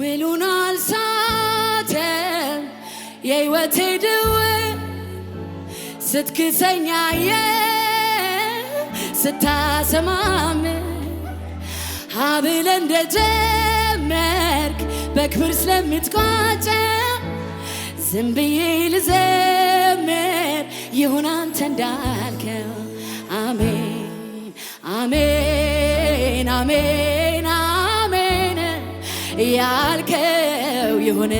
ውሉን አልሳተም የሕይወቴ ድው ስትክሰኛየ ስታሰማም አብለ እንደጀመርክ በክብር ስለምትቋጨ ዝም ብዬ ልዘምር ይሁን አንተ እንዳልከው አሜን አሜን አሜን ያልከው የሆነ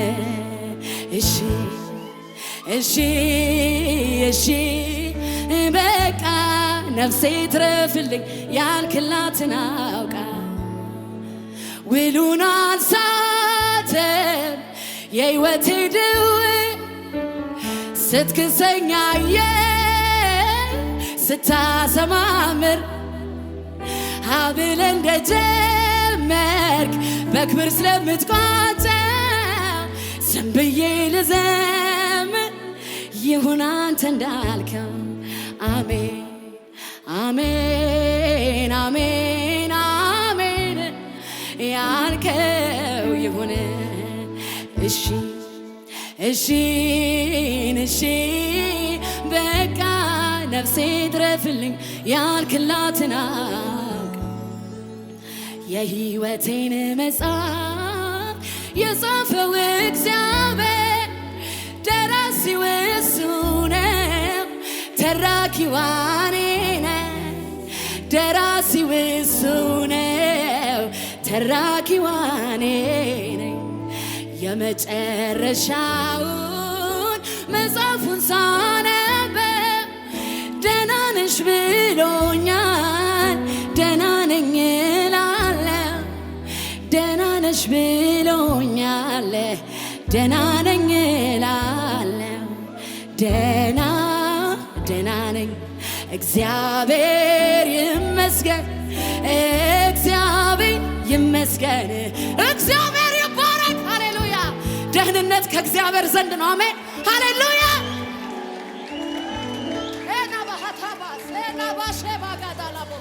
እሺ እሺ እሺ በቃ ነፍሴ ትረፍልኝ ያልክላትን አውቃ ውሉን አንሳተም የሕይወቴ ድው ስትክሰኛየ ስታሰማምር ሀብል እንደ ጀመርክ በክብር ስለምትቋጨ ዝም ብዬ ልዘምር ይሁን አንተ እንዳልከው አሜን አሜን አሜን አሜን ያልከው ይሁን እሺ እሺ እሺ በቃ ነፍሴ ትረፍልኝ ያልክላትና የህይወቴን መጽሐፍ የጻፈው እግዚአብሔር ደራሲው እሱ ነው። ተራኪው እኔ ነኝ። ደራሲው እሱ ነው። ተራኪው እኔ ነኝ። የመጨረሻውን መጽሐፉን ሳነበው ደህና ነሽ ብሎኛል። ብሎኛል ደና ነኝ እላለሁ ደና ደና ነኝ እግዚአብሔር ይመስገን እግዚአብሔር ይመስገን እግዚአብሔር ይባረክ። ሃሌሉያ ደህንነት ከእግዚአብሔር ዘንድ ነው። አሜን ሃሌሉያ ባሼባ ጋዳላቦ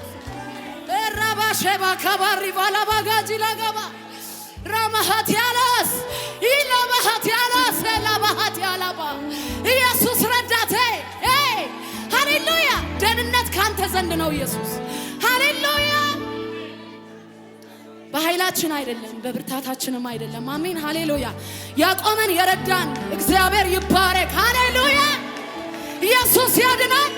ራባሼባ ከባሪ ባላባጋጂ ላጋባ ረመሃትያላስ ኢለመሃትያላስ ለላመሃትያላባ ኢየሱስ ረዳቴ ሃሌሉያ። ደህንነት ካንተ ዘንድ ነው ኢየሱስ ሃሌሉያ። በኃይላችን አይደለም በብርታታችንም አይደለም። አሜን ሃሌሉያ። ያቆመን የረዳን እግዚአብሔር ይባረክ። ሃሌሉያ ኢየሱስ ያድናል።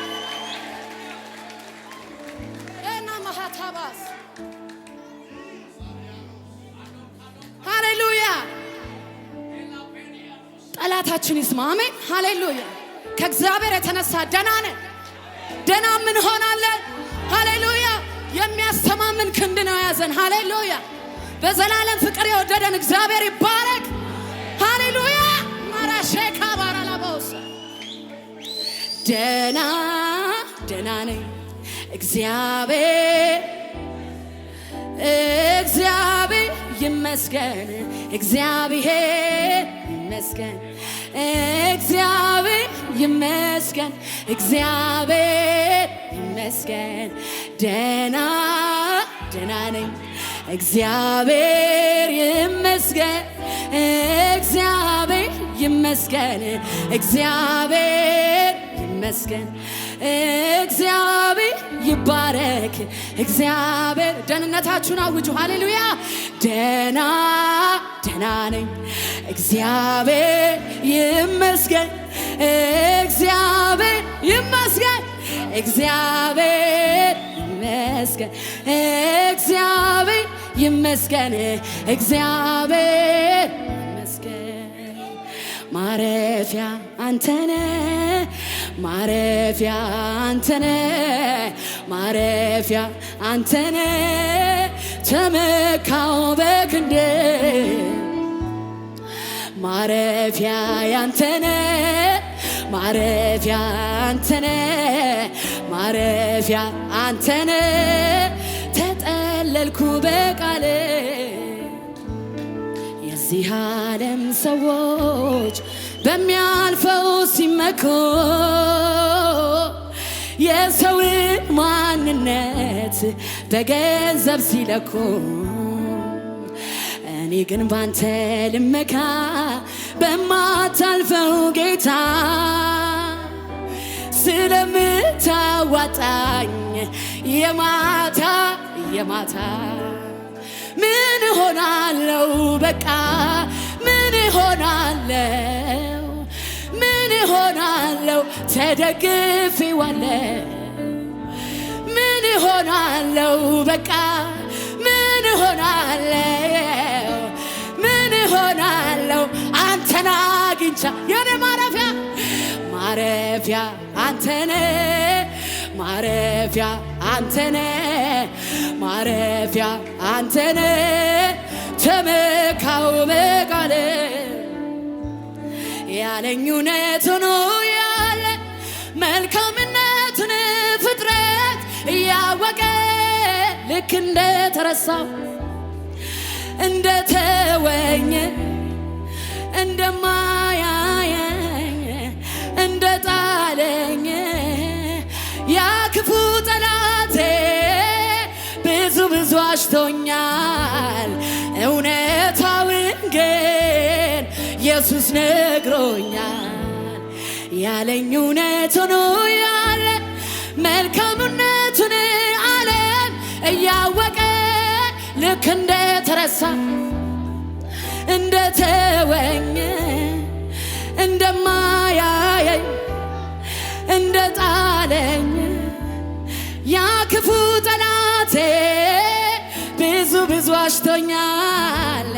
እምነታችን ይስማ። አሜን ሃሌሉያ። ከእግዚአብሔር የተነሳ ደና ነን። ደና ምን ሆናለን? ሃሌሉያ። የሚያስተማምን ክንድ ነው የያዘን። ሃሌሉያ። በዘላለም ፍቅር የወደደን እግዚአብሔር ይባረክ። ሃሌሉያ። ማራሼካ ባራላ በውሰ ደና ደና ነኝ እግዚአብሔር እግዚአብሔር ይመስገን እግዚአብሔር ይመስገን እግዚአብሔር ይመስገን፣ እግዚአብሔር ይመስገን። ደና ደና ነኝ። እግዚአብሔር ይመስገን፣ እግዚአብሔር ይመስገን፣ እግዚአብሔር ይመስገን። እግዚአብሔር ይባረክ። እግዚአብሔር ደህንነታችሁን አውጁ። ሃሌሉያ። ደና ደና ነኝ እግዚአብሔር ይመስገን፣ እግዚአብሔር ይመስገን፣ እግዚአብሔር ይመስገን፣ እግዚአብሔር ይመስገን፣ እግዚአብሔር ይመስገን። ማረፊያ አንተነ ማረፊያ አንተነ ማረፊያ አንተነ ተመካው በክንዴ ማረፊያ ያንተነ ማረፊያ አንተነ ማረፊያ አንተነ ተጠለልኩ በቃል የዚህ ዓለም ሰዎች በሚያልፈው ሲመኩ የሰውን ማንነት በገንዘብ ሲለኩ እኔ ግን ባንተ ልመካ በማታልፈው ጌታ ስለምታዋጣኝ የማታ የማታ ምን ሆናለው በቃ ምን ሆናለው ምን ሆናለው ተደግፌዋለሁ ምን ሆናለው በቃ ብቻ የኔ ማረፊያ ማረፊያ አንተነ ማረፊያ አንተነ ማረፊያ አንተነ ተመካው መቃለ ያለኝ እውነት ሆኖ ያለ መልካምነትን ፍጥረት እያወቀ ልክ እንደ ተረሳው እንደ አስረድቶኛል። እውነታውን ግን ኢየሱስ ነግሮኛል። ያለኝ እውነት ያለ መልካምነቱን ዓለም እያወቀ ልክ እንደተረሳ እንደተወኝ እንደማያ ዋሽቶኛል።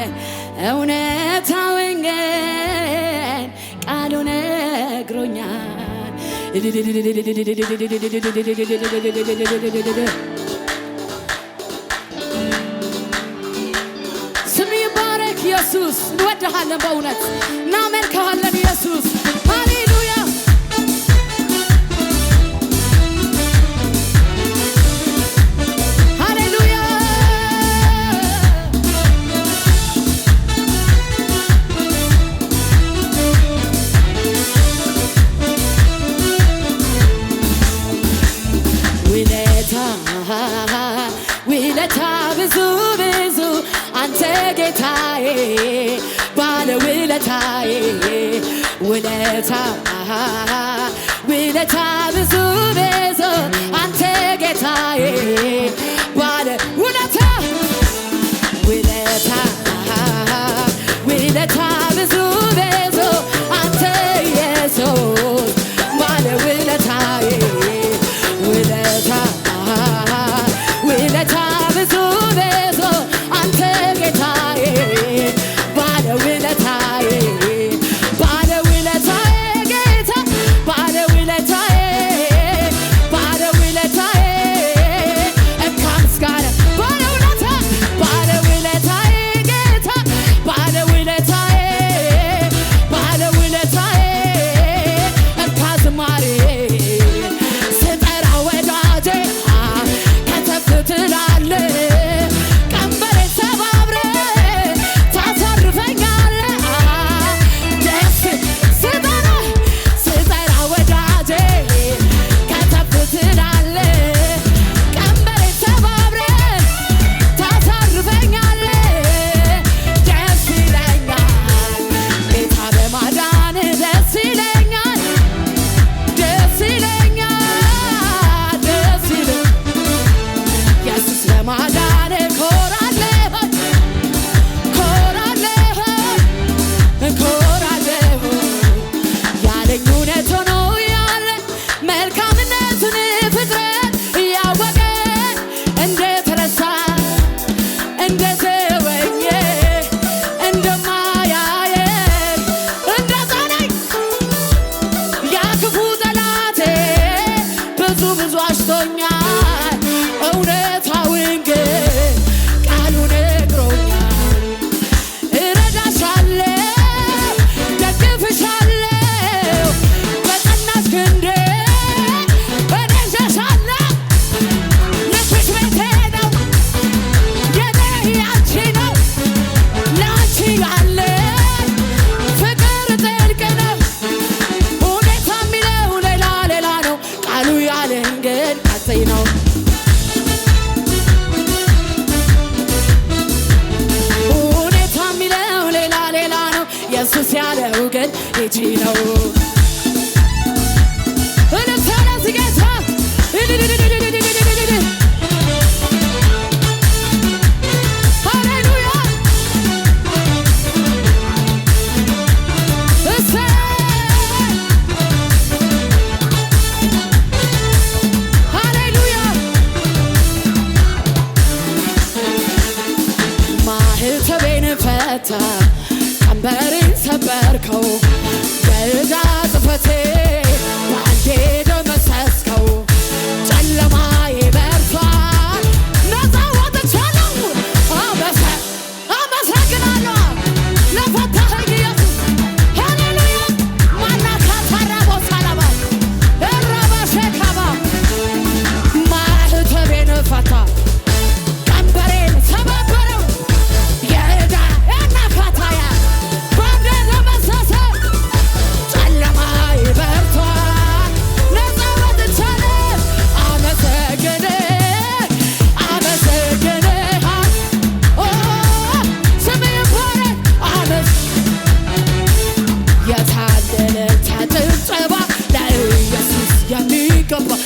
እውነታውን ግን ቃሉ ነግሮኛል። ስም ይባረክ ኢየሱስ። እንወድሃለን በእውነት እናመልክሃለን። ውለታ ውለታ ብዙ chopper.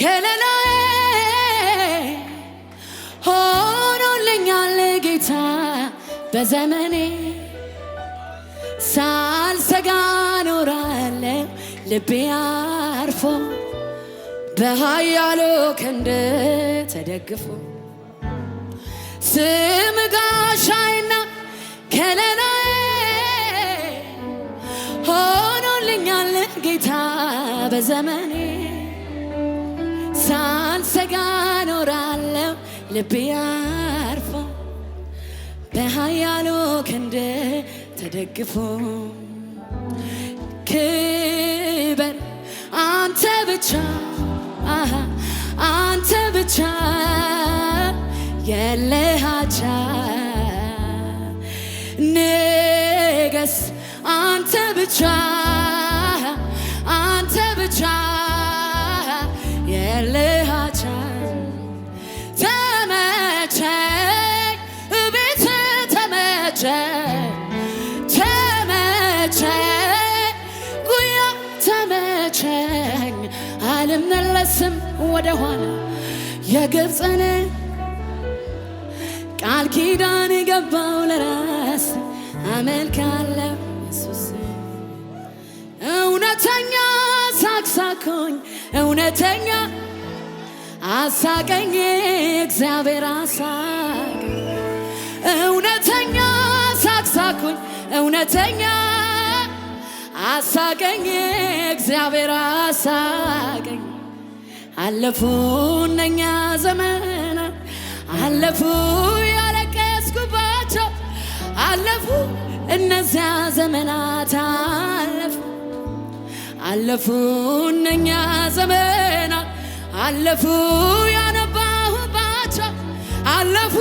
ከለላዬ ሆኖልኛል ጌታ በዘመኔ ሳልሰጋ ኖራለሁ ልቤ አርፎ በኃያሉ ክንድ ተደግፎ ስም ጋሻዬና ከለላዬ ሆኖልኛል ጌታ በዘመኔ ሳልሰጋ ኖራለሁ ልቤ አርፎ በኃያሉ ክንድ ተደግፎ ክብር አንተ ብቻ አንተ ብቻ የለሃቻ ንገስ አንተ ብቻ አልመለስም ወደ ኋላ የግብፅን ቃል ኪዳን ገባው ለራስ አመልካለሁ ኢየሱስ እውነተኛ ሳቅሳቅሁኝ እውነተኛ አሳቀኝ እግዚአብሔር አሳቀኝ እውነተኛ ሳቅሳቅሁኝ እውነተኛ አሳቀኝ እግዚአብሔር አሳቀኝ። አለፉ እነኛ ዘመናት አለፉ ያለቀስኩባቸው አለፉ እነዚያ ዘመናት አለፉ አለፉ እነኛ ዘመናት አለፉ ያነባሁባቸው አለፉ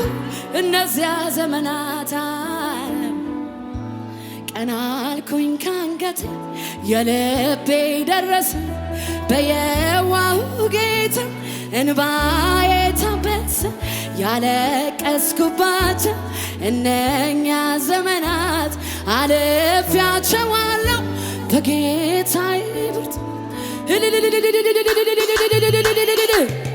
እነዚያ ዘመናት ቀና አልኩኝ ካንገት የልቤ ደረሰ በየዋሁ ጌታ እንባዬ ታበሰ ያለቀስኩባት እነኛ ዘመናት አልፌያቸዋለሁ በጌታዬ ብርታት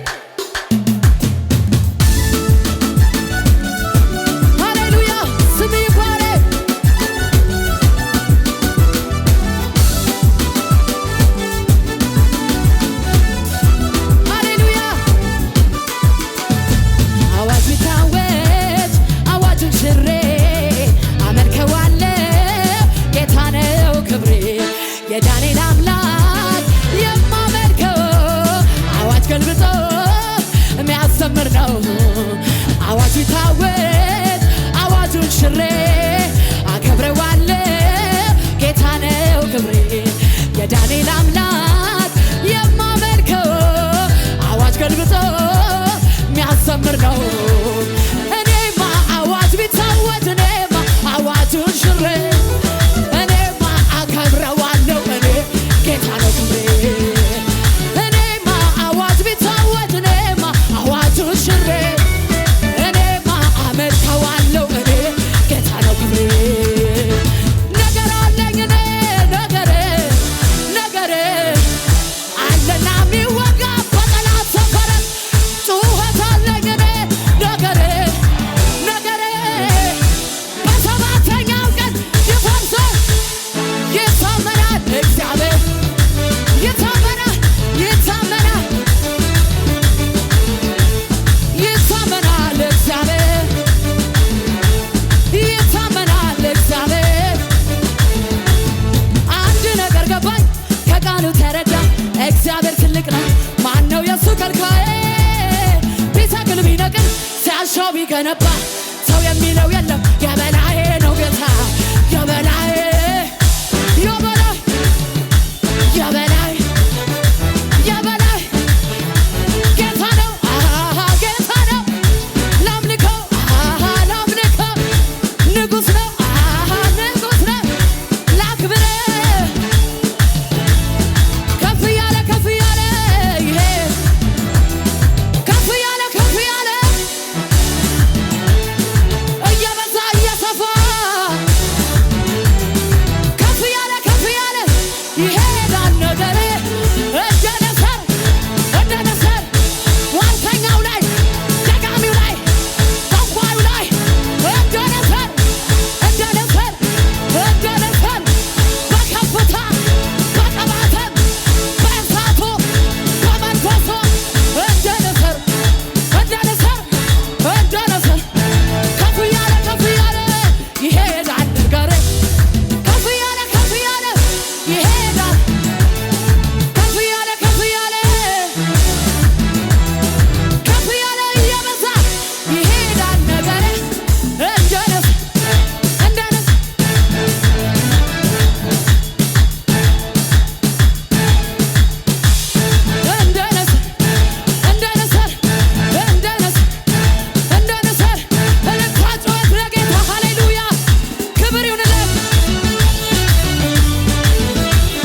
እግዚአብሔር ትልቅ ነው። ማነው የእሱ ከልካዬ? ቢተክል ቢነቅል ሲያሻው ቢገነባ ሰው የሚለው የለም የበላዬ ነው ጌታ